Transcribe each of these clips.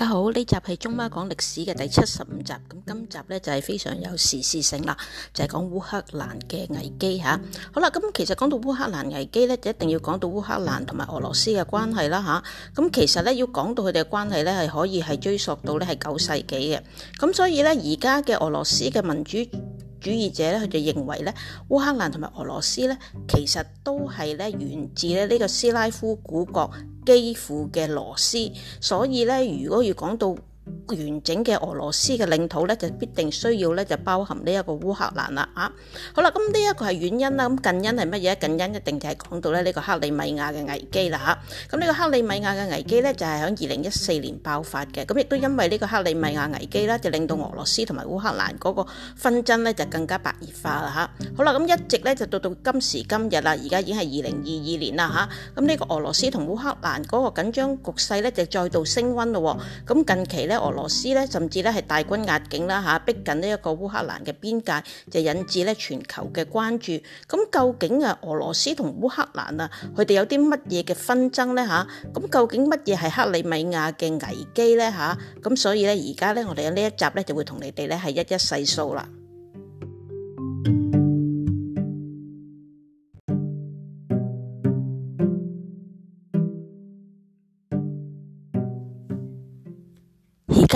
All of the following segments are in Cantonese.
大家好，呢集係中媽講歷史嘅第七十五集，咁今集呢就係、是、非常有時事性啦，就係、是、講烏克蘭嘅危機吓、啊。好啦，咁其實講到烏克蘭危機呢，就一定要講到烏克蘭同埋俄羅斯嘅關係啦吓。咁、啊、其實呢，要講到佢哋嘅關係呢，係可以係追溯到呢係九世紀嘅，咁所以呢，而家嘅俄羅斯嘅民主，主。主義者咧，佢就認為咧，烏克蘭同埋俄羅斯咧，其實都係咧源自咧呢個斯拉夫古國基輔嘅羅斯，所以咧，如果要講到完整嘅俄羅斯嘅領土咧，就必定需要咧，就包含呢一個烏克蘭啦，啊，好啦，咁呢一個係遠因啦，咁近因係乜嘢？近因一定就係講到咧呢個克里米亞嘅危機啦，嚇，咁呢個克里米亞嘅危機咧就係喺二零一四年爆發嘅，咁亦都因為呢個克里米亞危機啦，就令到俄羅斯同埋烏克蘭嗰個紛爭咧就更加白熱化啦，嚇，好啦，咁一直咧就到到今時今日啦，而家已經係二零二二年啦，嚇，咁呢個俄羅斯同烏克蘭嗰個緊張局勢咧就再度升溫咯，咁近期咧。俄羅斯咧，甚至咧係大軍壓境啦，吓，逼近呢一個烏克蘭嘅邊界，就引致咧全球嘅關注。咁究竟啊，俄羅斯同烏克蘭啊，佢哋有啲乜嘢嘅紛爭呢？吓，咁究竟乜嘢係克里米亞嘅危機呢？吓，咁所以咧，而家咧我哋呢一集咧就會同你哋咧係一一細數啦。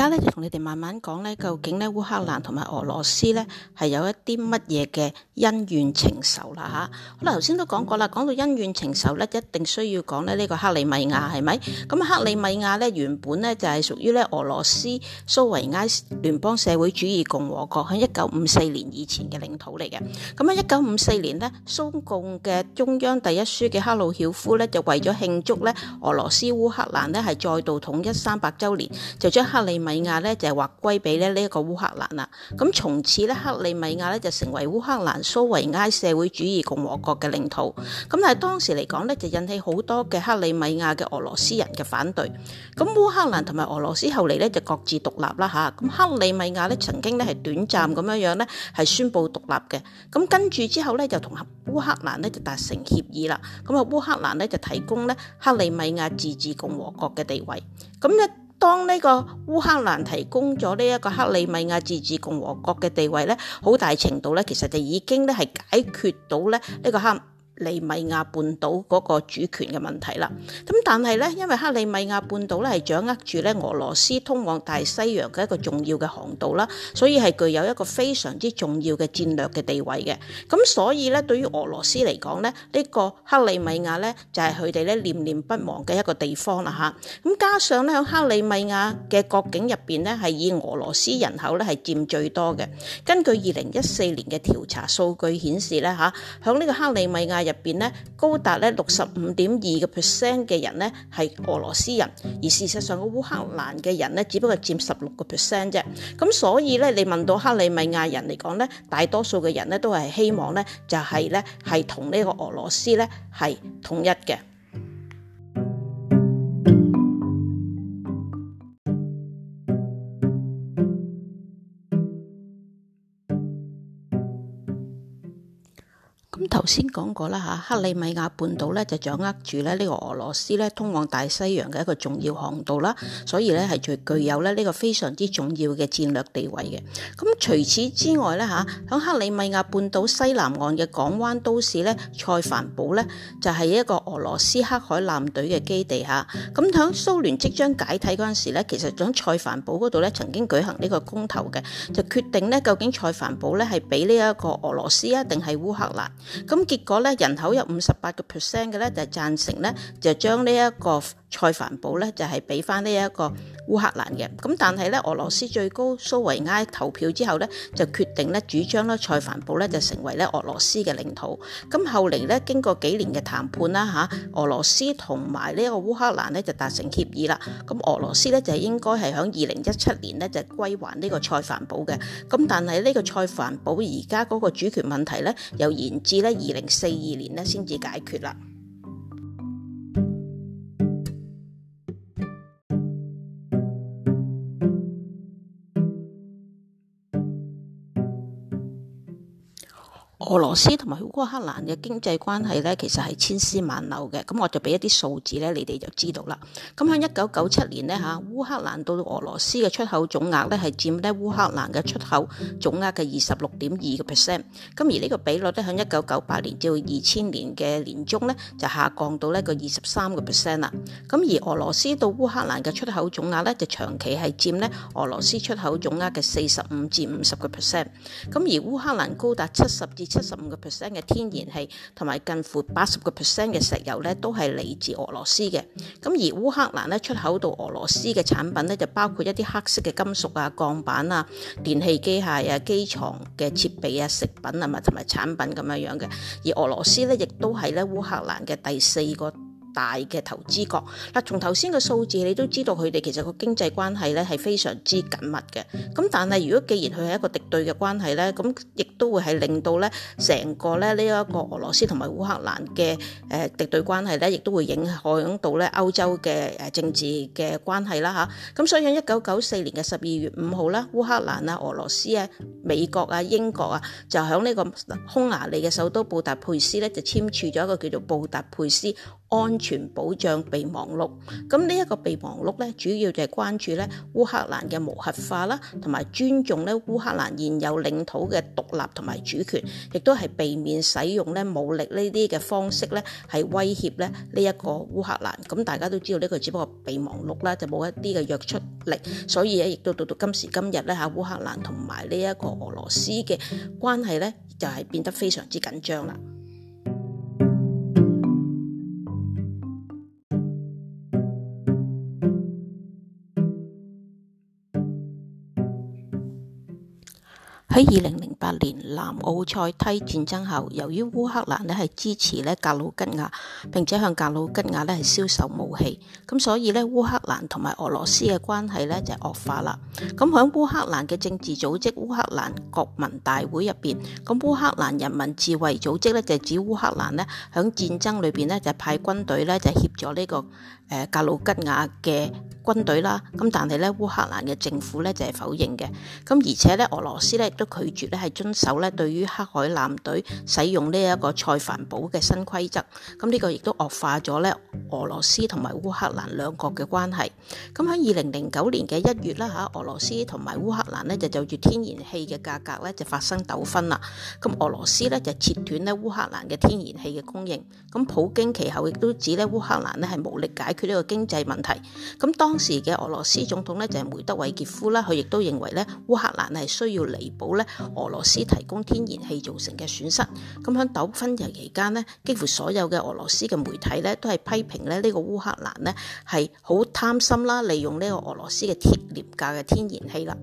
呢就同你哋慢慢講。咧，究竟咧烏克蘭同埋俄羅斯咧係有一啲乜嘢嘅恩怨情仇啦、吓、好啦，頭先都講過啦，講到恩怨情仇咧，一定需要講咧呢、呢個克里米亞係咪？咁克里米亞咧原本咧就係屬於咧俄羅斯蘇維埃聯邦社會主義共和國，喺一九五四年以前嘅領土嚟嘅。咁喺一九五四年呢，蘇共嘅中央第一書記赫魯曉夫咧就為咗慶祝咧俄羅斯烏克蘭呢，係再度統一三百周年，就將克里米亞咧就係劃歸俾咧呢一個烏克蘭啦，咁從此咧克里米亞咧就成為烏克蘭蘇維埃社會主義共和國嘅領土，咁但係當時嚟講咧就引起好多嘅克里米亞嘅俄羅斯人嘅反對，咁烏克蘭同埋俄羅斯後嚟咧就各自獨立啦吓，咁克里米亞咧曾經咧係短暫咁樣樣咧係宣布獨立嘅，咁跟住之後咧就同烏克蘭咧就達成協議啦，咁啊烏克蘭咧就提供咧克里米亞自治共和國嘅地位，咁咧。當呢個烏克蘭提供咗呢一個克里米亞自治共和國嘅地位咧，好大程度咧，其實就已經咧係解決到咧、這、呢個喊，克里米亞半島嗰個主權嘅問題啦，咁但係咧，因為克里米亞半島咧係掌握住咧俄羅斯通往大西洋嘅一個重要嘅航道啦，所以係具有一個非常之重要嘅戰略嘅地位嘅。咁所以咧，對於俄羅斯嚟講咧，呢個克里米亞咧就係佢哋咧念念不忘嘅一個地方啦吓，咁加上咧喺克里米亞嘅國境入邊呢，係以俄羅斯人口咧係佔最多嘅。根據二零一四年嘅調查數據顯示咧吓，喺呢個克里米亞，入邊咧高達咧六十五點二個 percent 嘅人咧係俄羅斯人，而事實上個烏克蘭嘅人咧只不過佔十六個 percent 啫，咁所以咧你問到克里米亞人嚟講咧，大多數嘅人咧都係希望咧就係咧係同呢個俄羅斯咧係統一嘅。頭先講過啦嚇，克里米亞半島咧就掌握住咧呢個俄羅斯咧通往大西洋嘅一個重要航道啦，所以咧係最具有咧呢個非常之重要嘅戰略地位嘅。咁除此之外咧嚇，響克里米亞半島西南岸嘅港灣都市咧塞凡堡咧就係一個俄羅斯黑海艦隊嘅基地嚇。咁響蘇聯即將解體嗰陣時咧，其實響塞凡堡嗰度咧曾經舉行呢個公投嘅，就決定咧究竟塞凡堡咧係俾呢一個俄羅斯啊定係烏克蘭？咁結果咧，人口有五十八個 percent 嘅咧，就贊成咧，就將呢一個蔡凡保咧，就係俾翻呢一個，烏克蘭嘅，咁但係咧，俄羅斯最高蘇維埃投票之後咧，就決定咧，主張咧塞凡堡咧就成為咧俄羅斯嘅領土。咁後嚟咧，經過幾年嘅談判啦，吓俄羅斯同埋呢個烏克蘭咧就達成協議啦。咁俄羅斯咧就應該係喺二零一七年咧就歸還呢個塞凡堡嘅。咁但係呢個塞凡堡而家嗰個主權問題咧，又延至咧二零四二年咧先至解決啦。俄羅斯同埋烏克蘭嘅經濟關係咧，其實係千絲萬縷嘅。咁我就俾一啲數字咧，你哋就知道啦。咁喺一九九七年呢，嚇，烏克蘭到俄羅斯嘅出口總額咧係佔咧烏克蘭嘅出口總額嘅二十六點二個 percent。咁而呢個比率咧，喺一九九八年至到二千年嘅年中咧，就下降到呢個二十三個 percent 啦。咁而俄羅斯到烏克蘭嘅出口總額咧，就長期係佔咧俄羅斯出口總額嘅四十五至五十個 percent。咁而烏克蘭高達七十至七十五個 percent 嘅天然氣同埋近乎八十個 percent 嘅石油咧，都係嚟自俄羅斯嘅。咁而烏克蘭咧出口到俄羅斯嘅產品咧，就包括一啲黑色嘅金屬啊、鋼板啊、電器機械啊、機床嘅設備啊、食品啊，同埋產品咁樣樣嘅。而俄羅斯咧，亦都係咧烏克蘭嘅第四個大嘅投資國嗱，從頭先嘅數字你都知道，佢哋其實個經濟關係咧係非常之緊密嘅。咁但係如果既然佢係一個敵對嘅關係咧，咁亦都會係令到咧成個咧呢一、這個俄羅斯同埋烏克蘭嘅誒敵對關係咧，亦都會影響到咧歐洲嘅誒、呃、政治嘅關係啦吓，咁、啊、所以喺一九九四年嘅十二月五號啦，烏克蘭啊、俄羅斯啊、美國啊、英國啊，就喺呢個匈牙利嘅首都布達佩斯咧，就簽署咗一個叫做布達佩斯安全保障備忘錄，咁呢一個備忘錄咧，主要就係關注咧烏克蘭嘅無核化啦，同埋尊重咧烏克蘭現有領土嘅獨立同埋主權，亦都係避免使用咧武力呢啲嘅方式咧，係威脅咧呢一個烏克蘭。咁大家都知道呢個只不過備忘錄啦，就冇一啲嘅約束力，所以咧亦都到到今時今日咧吓烏克蘭同埋呢一個俄羅斯嘅關係咧，就係變得非常之緊張啦。喺二零零八年南奧塞梯戰爭後，由於烏克蘭呢係支持呢格魯吉亞，並且向格魯吉亞呢係銷售武器，咁所以呢，烏克蘭同埋俄羅斯嘅關係呢就惡化啦。咁喺烏克蘭嘅政治組織烏克蘭國民大會入邊，咁烏克蘭人民自衛組織呢就指烏克蘭呢喺戰爭裏邊呢就派軍隊呢，就協助呢、這個誒、呃、格魯吉亞嘅。軍隊啦，咁但係咧，烏克蘭嘅政府咧就係否認嘅，咁而且咧，俄羅斯咧亦都拒絕咧係遵守咧對於黑海艦隊使用呢一個塞凡堡嘅新規則，咁呢個亦都惡化咗咧俄羅斯同埋烏克蘭兩國嘅關係。咁喺二零零九年嘅一月啦嚇，俄羅斯同埋烏克蘭咧就就住天然氣嘅價格咧就發生糾紛啦，咁俄羅斯咧就切斷咧烏克蘭嘅天然氣嘅供應，咁普京其後亦都指咧烏克蘭呢，係無力解決呢個經濟問題，咁當當時嘅俄羅斯總統咧就係梅德韋傑夫啦，佢亦都認為咧烏克蘭係需要彌補咧俄羅斯提供天然氣造成嘅損失。咁喺糾紛期間咧，幾乎所有嘅俄羅斯嘅媒體咧都係批評咧呢個烏克蘭咧係好貪心啦，利用呢個俄羅斯嘅鐵廉價嘅天然氣啦。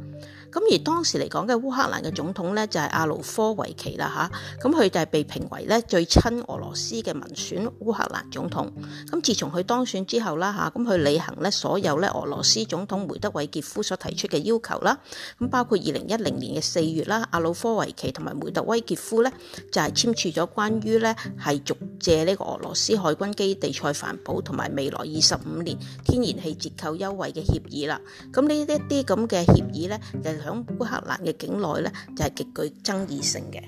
咁而當時嚟講嘅烏克蘭嘅總統咧就係亞努科維奇啦吓，咁、啊、佢就係被評為咧最親俄羅斯嘅民選烏克蘭總統。咁、啊、自從佢當選之後啦吓，咁、啊、佢履行咧所有咧俄羅斯總統梅德韋傑夫所提出嘅要求啦，咁、啊、包括二零一零年嘅四月啦，阿、啊、努科維奇同埋梅德韋傑夫咧就係、是、簽署咗關於咧係續借呢個俄羅斯海軍基地塞凡堡同埋未來二十五年天然氣折扣優惠嘅協議啦。咁、啊、呢一啲咁嘅協議咧響烏克蘭嘅境內咧，就係、是、極具爭議性嘅。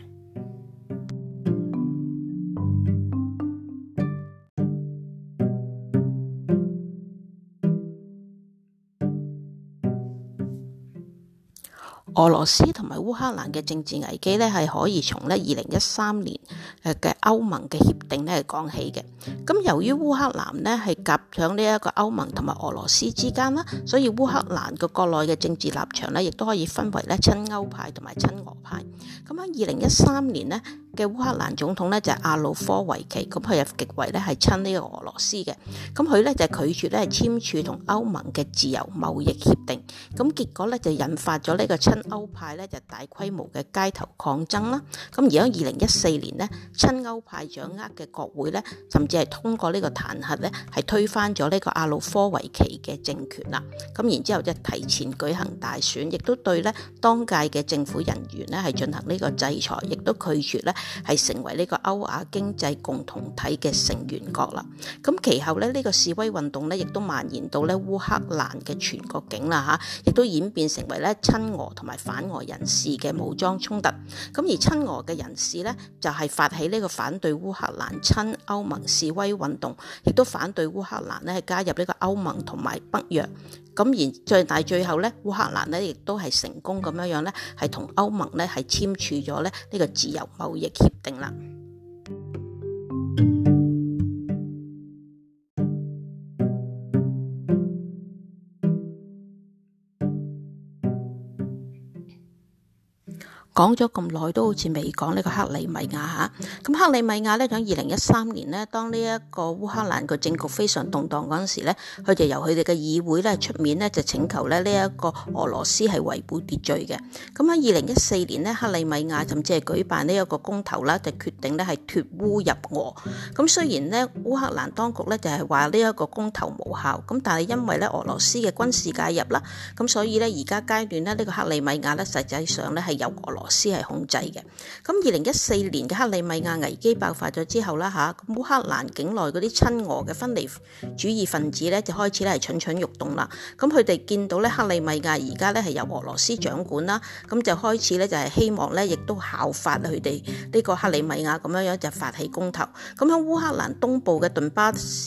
俄羅斯同埋烏克蘭嘅政治危機咧，係可以從咧二零一三年誒嘅。歐盟嘅協定咧係講起嘅，咁由於烏克蘭呢係夾響呢一個歐盟同埋俄羅斯之間啦，所以烏克蘭嘅國內嘅政治立場呢亦都可以分為咧親歐派同埋親俄派。咁喺二零一三年呢嘅烏克蘭總統呢就係、是、亞努科維奇，咁佢又極為咧係親呢親個俄羅斯嘅，咁佢咧就拒絕咧簽署同歐盟嘅自由貿易協定，咁結果咧就引發咗呢個親歐派咧就大規模嘅街頭抗爭啦。咁而喺二零一四年呢。親歐。歐派掌握嘅國會呢，甚至係通過呢個彈劾呢，係推翻咗呢個阿魯科維奇嘅政權啦。咁然之後一提前舉行大選，亦都對呢當屆嘅政府人員呢係進行呢個制裁，亦都拒絕呢係成為呢個歐亞經濟共同體嘅成員國啦。咁其後呢，呢、呢個示威運動呢，亦都蔓延到呢烏克蘭嘅全國境啦吓，亦都演變成為呢親俄同埋反俄人士嘅武裝衝突。咁而親俄嘅人士呢，就係發起呢、呢個反。反對烏克蘭親歐盟示威運動，亦都反對烏克蘭咧加入呢個歐盟同埋北約。咁然最大最後咧，烏克蘭咧亦都係成功咁樣樣咧，係同歐盟咧係簽署咗咧呢個自由貿易協定啦。講咗咁耐都好似未講呢個克里米亞嚇，咁克里米亞咧喺二零一三年呢，當呢一個烏克蘭嘅政局非常動盪嗰陣時咧，佢就由佢哋嘅議會咧出面呢，就請求咧呢一個俄羅斯係維護秩序嘅。咁喺二零一四年呢，克里米亞甚至係舉辦呢一個公投啦，就決定呢係脫烏入俄。咁雖然呢，烏克蘭當局呢就係話呢一個公投無效，咁但係因為咧俄羅斯嘅軍事介入啦，咁所以呢，而家階段呢，呢，呢個克里米亞呢實際上呢，係由俄羅。俄羅斯係控制嘅。咁二零一四年嘅克里米亞危機爆發咗之後啦，吓，咁烏克蘭境內嗰啲親俄嘅分離主義分子咧，就開始咧係蠢蠢欲動啦。咁佢哋見到咧克里米亞而家咧係由俄羅斯掌管啦，咁就開始咧就係希望咧亦都效法佢哋呢個克里米亞咁樣樣就發起公投。咁喺烏克蘭東部嘅頓巴斯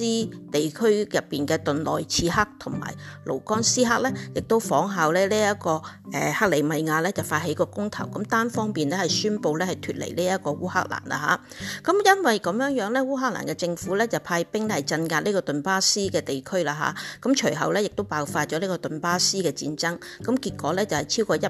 地區入邊嘅頓內茨克同埋盧甘斯克咧，亦都仿效咧呢一個誒克里米亞咧就發起個公投咁。單方面咧係宣布咧係脫離呢一個烏克蘭啦吓，咁因為咁樣樣咧，烏克蘭嘅政府咧就派兵嚟鎮壓呢個頓巴斯嘅地區啦吓，咁隨後咧亦都爆發咗呢個頓巴斯嘅戰爭，咁結果咧就係超過一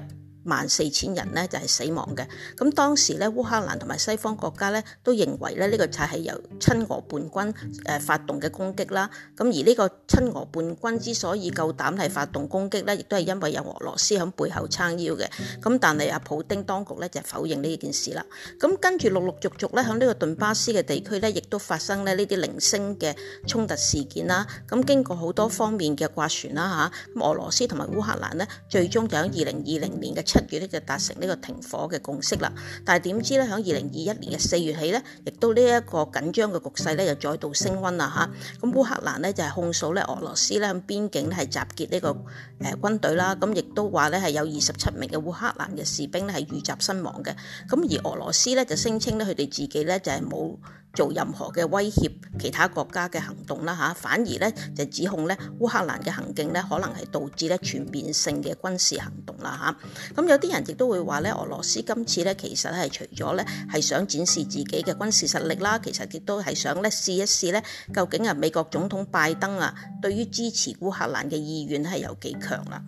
萬四千人呢，就係死亡嘅，咁當時咧烏克蘭同埋西方國家咧都認為咧呢個就係由親俄叛軍誒、呃、發動嘅攻擊啦，咁而呢個親俄叛軍之所以夠膽係發動攻擊咧，亦都係因為有俄羅斯響背後撐腰嘅，咁但係阿普丁當局咧就否認呢件事啦，咁跟住陸陸續續咧響呢個頓巴斯嘅地區咧，亦都發生咧呢啲零星嘅衝突事件啦，咁經過好多方面嘅斡旋啦嚇，啊、俄羅斯同埋烏克蘭呢，最終就喺二零二零年嘅七月咧就達成呢個停火嘅共識啦，但係點知咧喺二零二一年嘅四月起咧，亦都緊張呢一個緊張嘅局勢咧又再度升溫啦吓。咁、啊、烏克蘭咧就係、是、控訴咧俄羅斯咧喺邊境咧係集結呢、這個誒、呃、軍隊啦，咁、啊、亦都話咧係有二十七名嘅烏克蘭嘅士兵咧係遇襲身亡嘅，咁、啊、而俄羅斯咧就聲稱咧佢哋自己咧就係冇。做任何嘅威脅其他國家嘅行動啦嚇，反而咧就指控咧烏克蘭嘅行徑咧可能係導致咧全面性嘅軍事行動啦嚇。咁有啲人亦都會話咧，俄羅斯今次咧其實係除咗咧係想展示自己嘅軍事實力啦，其實亦都係想咧試一試咧究竟啊美國總統拜登啊對於支持烏克蘭嘅意願係有幾強啦。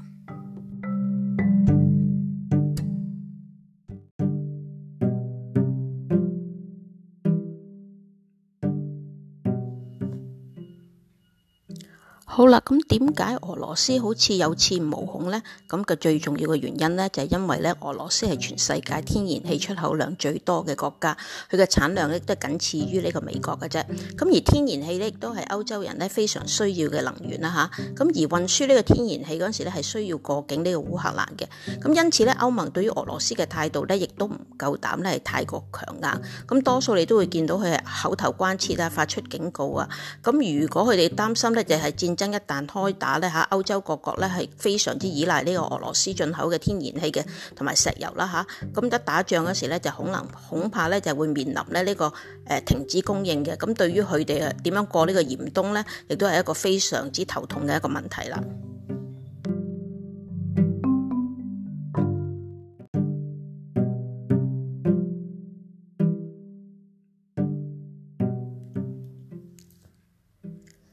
好啦，咁點解俄羅斯好似有恃無恐呢？咁嘅最重要嘅原因呢，就係因為咧俄羅斯係全世界天然氣出口量最多嘅國家，佢嘅產量亦都僅次於呢個美國嘅啫。咁而天然氣咧亦都係歐洲人咧非常需要嘅能源啦吓。咁而運輸呢個天然氣嗰陣時咧係需要過境呢個烏克蘭嘅。咁因此咧歐盟對於俄羅斯嘅態度咧亦都唔夠膽咧係太過強硬。咁多數你都會見到佢係口頭關切啊，發出警告啊。咁如果佢哋擔心咧就係戰爭。一旦開打咧吓，歐洲各國咧係非常之依賴呢個俄羅斯進口嘅天然氣嘅，同埋石油啦吓。咁一打仗嗰時咧，就可能恐怕咧就會面臨咧呢個誒停止供應嘅。咁對於佢哋點樣過呢個嚴冬咧，亦都係一個非常之頭痛嘅一個問題啦。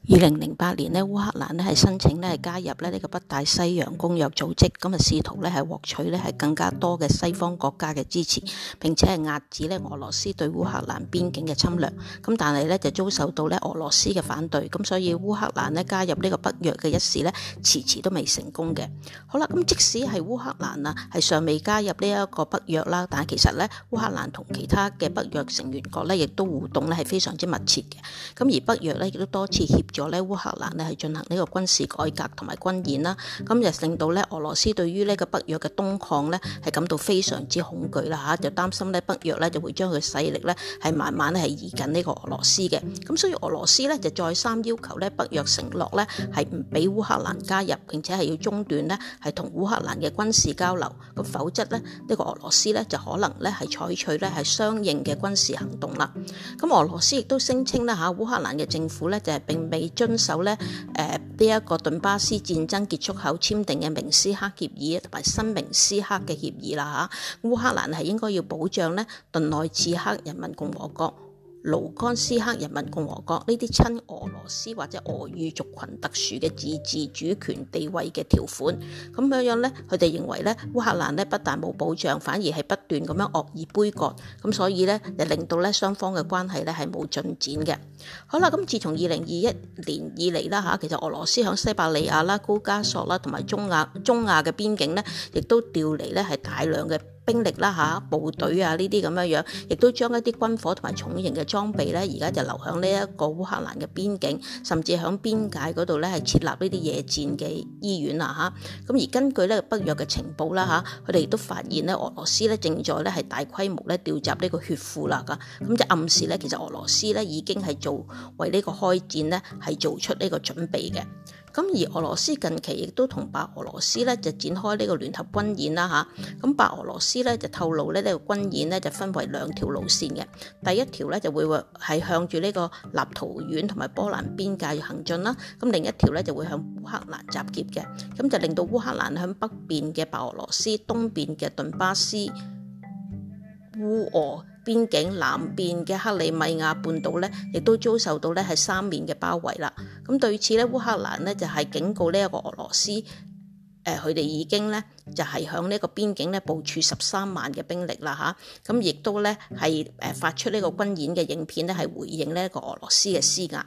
二零零八年呢，烏克蘭呢係申請呢，係加入呢呢個北大西洋公約組織，咁啊試圖呢，係獲取呢係更加多嘅西方國家嘅支持，並且係遏止呢俄羅斯對烏克蘭邊境嘅侵略。咁但係呢，就遭受到呢俄羅斯嘅反對，咁所以烏克蘭呢，加入呢個北約嘅一事呢，遲遲都未成功嘅。好啦，咁即使係烏克蘭啊係尚未加入呢一個北約啦，但係其實呢，烏克蘭同其他嘅北約成員國呢，亦都互動呢係非常之密切嘅。咁而北約呢，亦都多次協。咁咧，烏克蘭呢係進行呢個軍事改革同埋軍演啦，咁就令到咧俄羅斯對於呢個北約嘅東擴呢係感到非常之恐懼啦吓，就擔心呢，北約呢就會將佢勢力呢係慢慢咧係移近呢個俄羅斯嘅，咁所以俄羅斯呢就再三要求呢，北約承諾呢係唔俾烏克蘭加入，並且係要中斷呢係同烏克蘭嘅軍事交流，咁否則呢，呢個俄羅斯呢就可能呢係採取呢係相應嘅軍事行動啦。咁俄羅斯亦都聲稱啦吓，烏克蘭嘅政府呢就係並未。遵守咧，誒呢一個頓巴斯戰爭結束後簽訂嘅明斯克協議同埋新明斯克嘅協議啦嚇，烏克蘭係應該要保障咧頓內茨克人民共和國、盧甘斯克人民共和國呢啲親俄羅斯或者俄語族群特殊嘅自治主權地位嘅條款，咁樣樣咧，佢哋認為咧烏克蘭咧不但冇保障，反而係不斷咁樣惡意杯葛，咁所以咧就令到咧雙方嘅關係咧係冇進展嘅。好啦，咁自從二零二一年以嚟啦嚇，其實俄羅斯響西伯利亞啦、高加索啦同埋中亞、中亞嘅邊境咧，亦都調嚟咧係大量嘅。兵力啦吓，部隊啊呢啲咁樣樣，亦都將一啲軍火同埋重型嘅裝備咧，而家就流向呢一個烏克蘭嘅邊境，甚至喺邊界嗰度咧係設立呢啲野戰嘅醫院啦吓，咁而根據咧北約嘅情報啦吓，佢哋亦都發現咧俄羅斯咧正在咧係大規模咧調集呢個血庫啦咁，咁就暗示咧其實俄羅斯咧已經係做為呢個開戰咧係做出呢個準備嘅。咁而俄羅斯近期亦都同白俄羅斯咧就展開呢個聯合軍演啦吓，咁白俄羅斯咧就透露咧呢個軍演咧就分為兩條路線嘅，第一條咧就會係向住呢個立陶宛同埋波蘭邊界行進啦，咁另一條咧就會向烏克蘭集結嘅，咁就令到烏克蘭向北邊嘅白俄羅斯、東邊嘅頓巴斯、烏俄邊境南邊嘅克里米亞半島咧，亦都遭受到咧係三面嘅包圍啦。咁對此咧，烏克蘭咧就係、是、警告呢一個俄羅斯，誒佢哋已經咧就係、是、向呢個邊境咧部署十三萬嘅兵力啦嚇，咁亦、嗯、都咧係誒發出呢個軍演嘅影片咧，係回應呢個俄羅斯嘅施壓。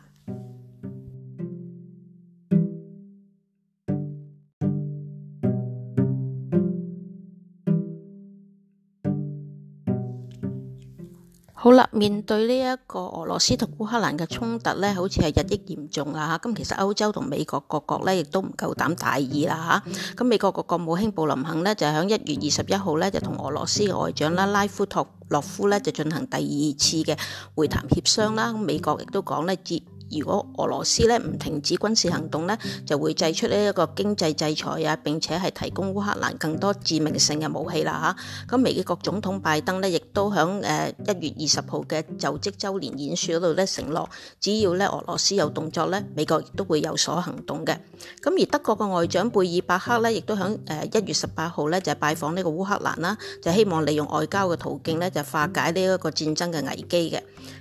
好啦，面對呢一個俄羅斯同烏克蘭嘅衝突咧，好似係日益嚴重啦嚇。咁其實歐洲同美國各國咧，亦都唔夠膽大意啦嚇。咁美國各國務卿布林肯咧，就喺一月二十一號咧，就同俄羅斯外長啦拉夫托洛夫咧，就進行第二次嘅會談協商啦。咁美國亦都講咧，接如果俄羅斯咧唔停止軍事行動咧，就會祭出呢一個經濟制裁啊，並且係提供烏克蘭更多致命性嘅武器啦嚇。咁、啊、美國總統拜登咧，亦都響誒一月二十號嘅就職週年演説度咧，承諾只要咧俄羅斯有動作咧，美國亦都會有所行動嘅。咁、啊、而德國嘅外長貝爾伯克咧，亦都響誒一月十八號咧就係拜訪呢個烏克蘭啦，就希望利用外交嘅途徑咧就化解呢一個戰爭嘅危機嘅。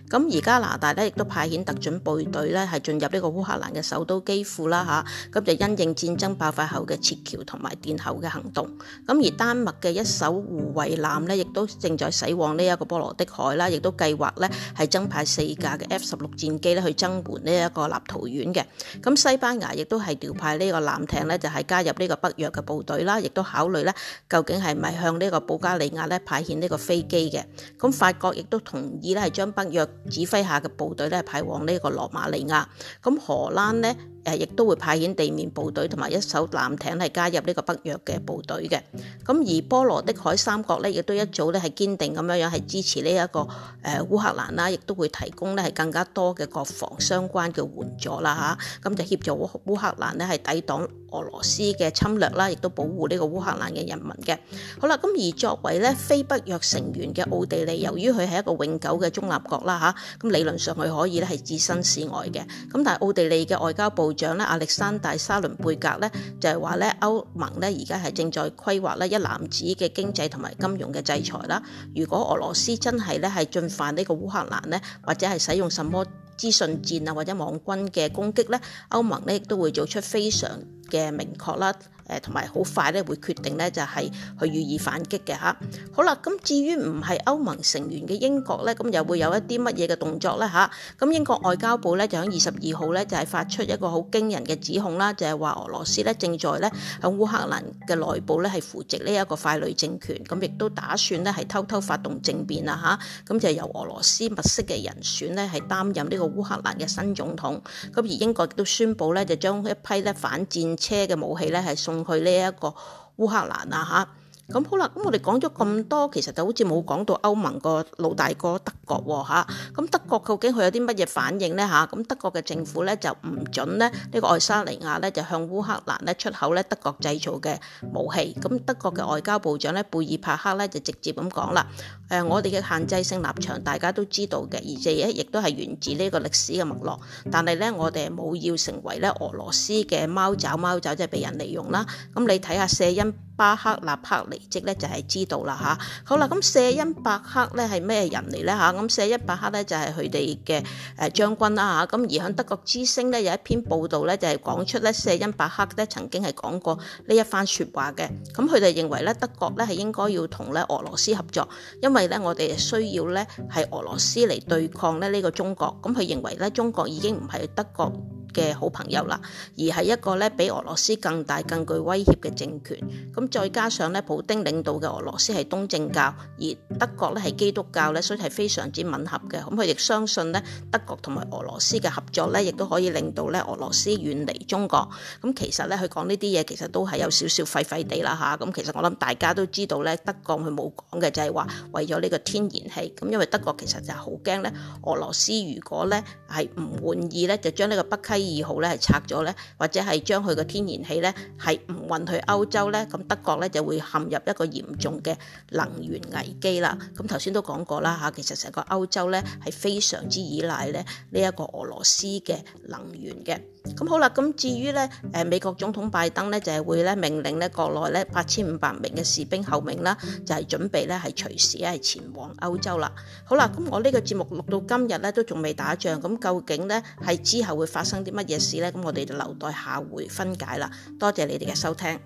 咁、啊、而加拿大咧亦都派遣特種部隊。佢呢係進入呢個烏克蘭嘅首都基輔啦，吓，咁就因應戰爭爆發後嘅撤僑同埋殿後嘅行動。咁而丹麥嘅一艘護衛艦呢，亦都正在駛往呢一個波羅的海啦，亦都計劃呢係增派四架嘅 F 十六戰機呢去增援呢一個立陶宛嘅。咁西班牙亦都係調派呢個艦艇呢，就係、是、加入呢個北約嘅部隊啦，亦都考慮呢，究竟係咪向呢個保加利亞呢派遣呢個飛機嘅。咁法國亦都同意呢係將北約指揮下嘅部隊呢派往呢個羅馬嚟噶，咁荷蘭咧。亦都會派遣地面部隊同埋一艘艦艇嚟加入呢個北約嘅部隊嘅。咁而波羅的海三國呢，亦都一早咧係堅定咁樣樣係支持呢一個誒烏克蘭啦，亦都會提供呢係更加多嘅國防相關嘅援助啦吓。咁就協助烏克蘭呢係抵擋俄羅斯嘅侵略啦，亦都保護呢個烏克蘭嘅人民嘅。好啦，咁而作為呢非北約成員嘅奧地利，由於佢係一個永久嘅中立國啦吓。咁理論上佢可以呢係置身事外嘅。咁但係奧地利嘅外交部長咧，亞歷山大沙倫貝格咧就係話咧，歐盟咧而家係正在規劃咧一籃子嘅經濟同埋金融嘅制裁啦。如果俄羅斯真係咧係進犯呢個烏克蘭咧，或者係使用什麼資訊戰啊或者網軍嘅攻擊咧，歐盟咧亦都會做出非常。嘅明確啦，誒同埋好快咧會決定咧就係去予以反擊嘅吓。好啦，咁至於唔係歐盟成員嘅英國咧，咁又會有一啲乜嘢嘅動作咧吓，咁英國外交部咧就響二十二號咧就係發出一個好驚人嘅指控啦，就係話俄羅斯咧正在咧響烏克蘭嘅內部咧係扶植呢一個傀儡政權，咁亦都打算咧係偷偷發動政變啊吓，咁就由俄羅斯物色嘅人選咧係擔任呢個烏克蘭嘅新總統，咁而英國亦都宣布咧就將一批咧反戰車嘅武器咧，係送去呢一個烏克蘭啊吓。咁好啦，咁我哋講咗咁多，其實就好似冇講到歐盟個老大哥德國喎、啊、嚇。咁、啊、德國究竟佢有啲乜嘢反應呢？吓、啊，咁德國嘅政府呢，就唔準咧呢、呢個愛沙尼亞呢，就向烏克蘭咧出口呢德國製造嘅武器。咁德國嘅外交部長呢，貝爾帕克呢，就直接咁講啦。誒、呃，我哋嘅限制性立場大家都知道嘅，而且亦都係源自呢個歷史嘅脈絡。但係呢，我哋冇要成為呢俄羅斯嘅貓爪貓爪，即係被人利用啦。咁你睇下舍恩。巴克納克離職咧就係知道啦嚇，好啦，咁舍恩伯克咧係咩人嚟咧嚇？咁舍恩伯克咧就係佢哋嘅誒將軍啦嚇，咁而喺德國之聲咧有一篇報道咧就係講出咧舍恩伯克咧曾經係講過呢一番説話嘅，咁佢哋認為咧德國咧係應該要同咧俄羅斯合作，因為咧我哋需要咧係俄羅斯嚟對抗咧呢個中國，咁佢認為咧中國已經唔係德國嘅好朋友啦，而係一個咧比俄羅斯更大更具威脅嘅政權。咁再加上咧，普丁領導嘅俄羅斯係東正教，而德國咧係基督教咧，所以係非常之吻合嘅。咁佢亦相信咧，德國同埋俄羅斯嘅合作咧，亦都可以令到咧俄羅斯遠離中國。咁其實咧，佢講呢啲嘢其實都係有少少廢廢地啦吓，咁，啊，其實我諗大家都知道咧，德國佢冇講嘅就係話為咗呢個天然氣，咁因為德國其實就係好驚咧，俄羅斯如果咧係唔滿意咧，就將呢個北溪，二號咧係拆咗咧，或者係將佢個天然氣咧係唔運去歐洲咧，咁德國咧就會陷入一個嚴重嘅能源危機啦。咁頭先都講過啦吓，其實成個歐洲咧係非常之依賴咧呢一個俄羅斯嘅能源嘅。咁好啦，咁至於咧，誒、呃，美國總統拜登咧就係會咧命令咧國內咧八千五百名嘅士兵候命啦，就係、是、準備咧係隨時係前往歐洲啦。好啦，咁我呢個節目錄到今日咧都仲未打仗，咁究竟咧係之後會發生啲乜嘢事咧？咁我哋就留待下回分解啦。多謝你哋嘅收聽。